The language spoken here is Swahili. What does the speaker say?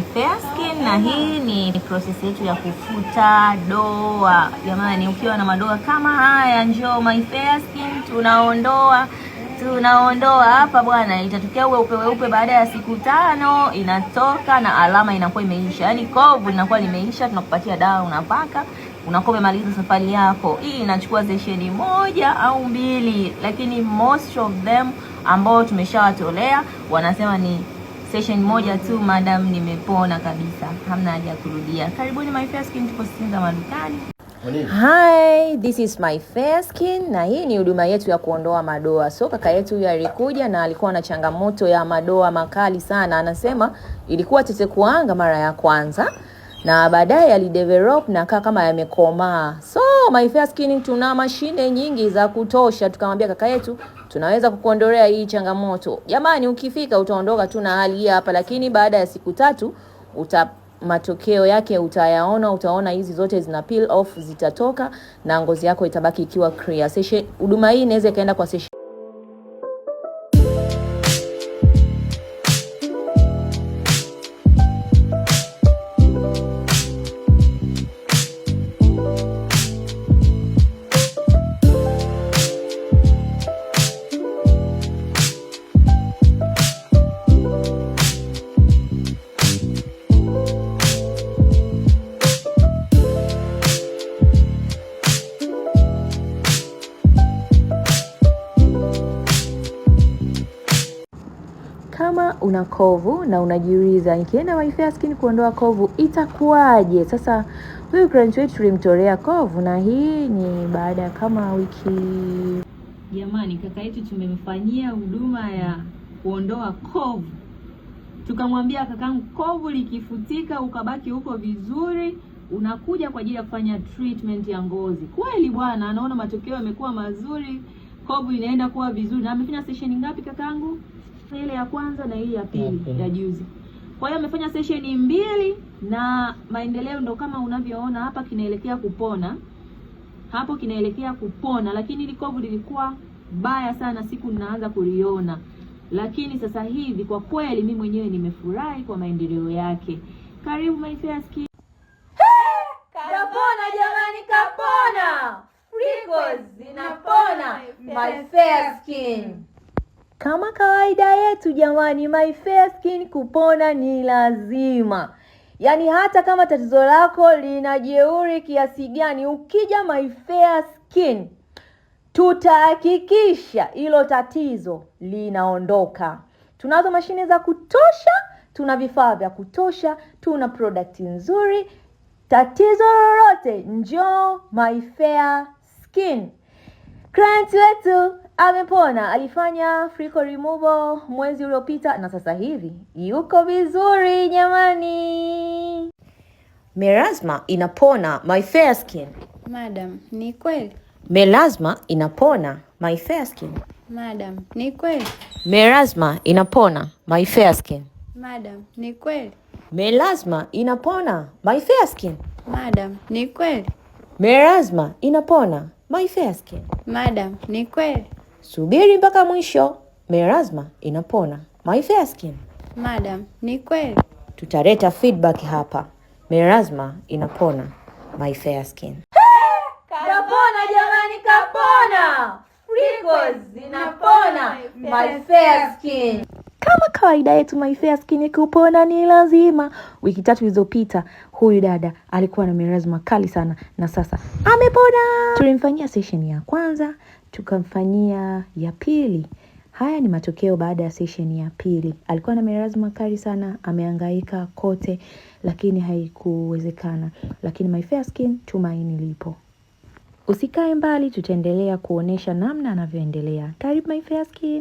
my fair skin na hii ni process yetu ya kufuta doa. Jamani, ukiwa na madoa kama haya, njoo my fair skin, tunaondoa tunaondoa hapa bwana. Itatokea weupe weupe, baada ya siku tano inatoka na alama inakuwa imeisha, yaani kovu linakuwa limeisha. Tunakupatia dawa, unapaka, unakuwa umemaliza safari yako. Hii inachukua sesheni moja au mbili, lakini most of them ambao tumeshawatolea wanasema ni session moja tu madam, nimepona kabisa, hamna haja ya kurudia. Karibuni My Fair Skin, tuko Sinza madukani. Hi, this is My Fair Skin na hii ni huduma yetu ya kuondoa madoa. So kaka yetu huyu alikuja na alikuwa na changamoto ya madoa makali sana, anasema ilikuwa tetekuanga mara ya kwanza na baadaye alidevelop na kaa kama yamekomaa. So My Fair Skin tuna mashine nyingi za kutosha, tukamwambia kaka yetu tunaweza kukuondolea hii changamoto. Jamani, ukifika utaondoka tu na hali hii hapa, lakini baada ya siku tatu uta matokeo yake utayaona, utaona hizi zote zina peel off, zitatoka na ngozi yako itabaki ikiwa clear. Session huduma hii inaweza ikaenda kwa session una kovu na unajiuliza nikienda Mayfair Skin kuondoa kovu itakuwaje? Sasa huyu client wetu tulimtolea kovu, na hii ni baada ya kama wiki. Jamani, kaka yetu tumemfanyia huduma ya kuondoa kovu, tukamwambia kakangu, kovu likifutika ukabaki huko vizuri unakuja kwa ajili ya kufanya treatment ya ngozi. Kweli bwana, anaona matokeo yamekuwa mazuri, kovu inaenda kuwa vizuri. Na amefanya session ngapi kakangu? ile ya kwanza na hii ya pili okay, ya juzi. Kwa hiyo amefanya sesheni mbili na maendeleo ndo kama unavyoona hapa, kinaelekea kupona hapo, kinaelekea kupona, lakini ile kovu lilikuwa baya sana siku ninaanza kuliona, lakini sasa hivi kwa kweli mi mwenyewe nimefurahi kwa maendeleo yake. Karibu my fair skin. Kapona jamani, kapona! Freckles zinapona, my fair skin. Kama kawaida yetu jamani, my fair skin, kupona ni lazima. Yaani hata kama tatizo lako lina jeuri kiasi gani, ukija my fair skin tutahakikisha hilo tatizo linaondoka. Tunazo mashine za kutosha, tuna vifaa vya kutosha, tuna product nzuri. Tatizo lolote, njoo my fair skin. Client wetu amepona. Alifanya freckle removal mwezi uliopita na sasa hivi yuko vizuri jamani. Melasma inapona my fair skin. Madam, ni kweli? Melasma inapona my fair skin. Madam, ni kweli? Melasma inapona my fair skin. Madam, ni kweli? Melasma inapona my fair skin. Madam, ni kweli? Melasma inapona my fair skin. Madam, ni kweli? Subiri mpaka mwisho, merasma inapona. My fair skin. Madam, ni kweli tutaleta feedback hapa. merasma inapona. My fair skin. Kapona jamani, kapona. Wrinkles zinapona. My fair skin. Kama kawaida yetu My Fair Skin kupona ni lazima. Wiki tatu ilizopita huyu dada alikuwa na merasma kali sana na sasa amepona. Tulimfanyia session ya kwanza, tukamfanyia ya pili. Haya ni matokeo baada ya sesheni ya pili. Alikuwa na mirazi makali sana, ameangaika kote, lakini haikuwezekana. Lakini my fair skin, tumaini lipo. Usikae mbali, tutaendelea kuonesha namna anavyoendelea. Karibu my fair skin.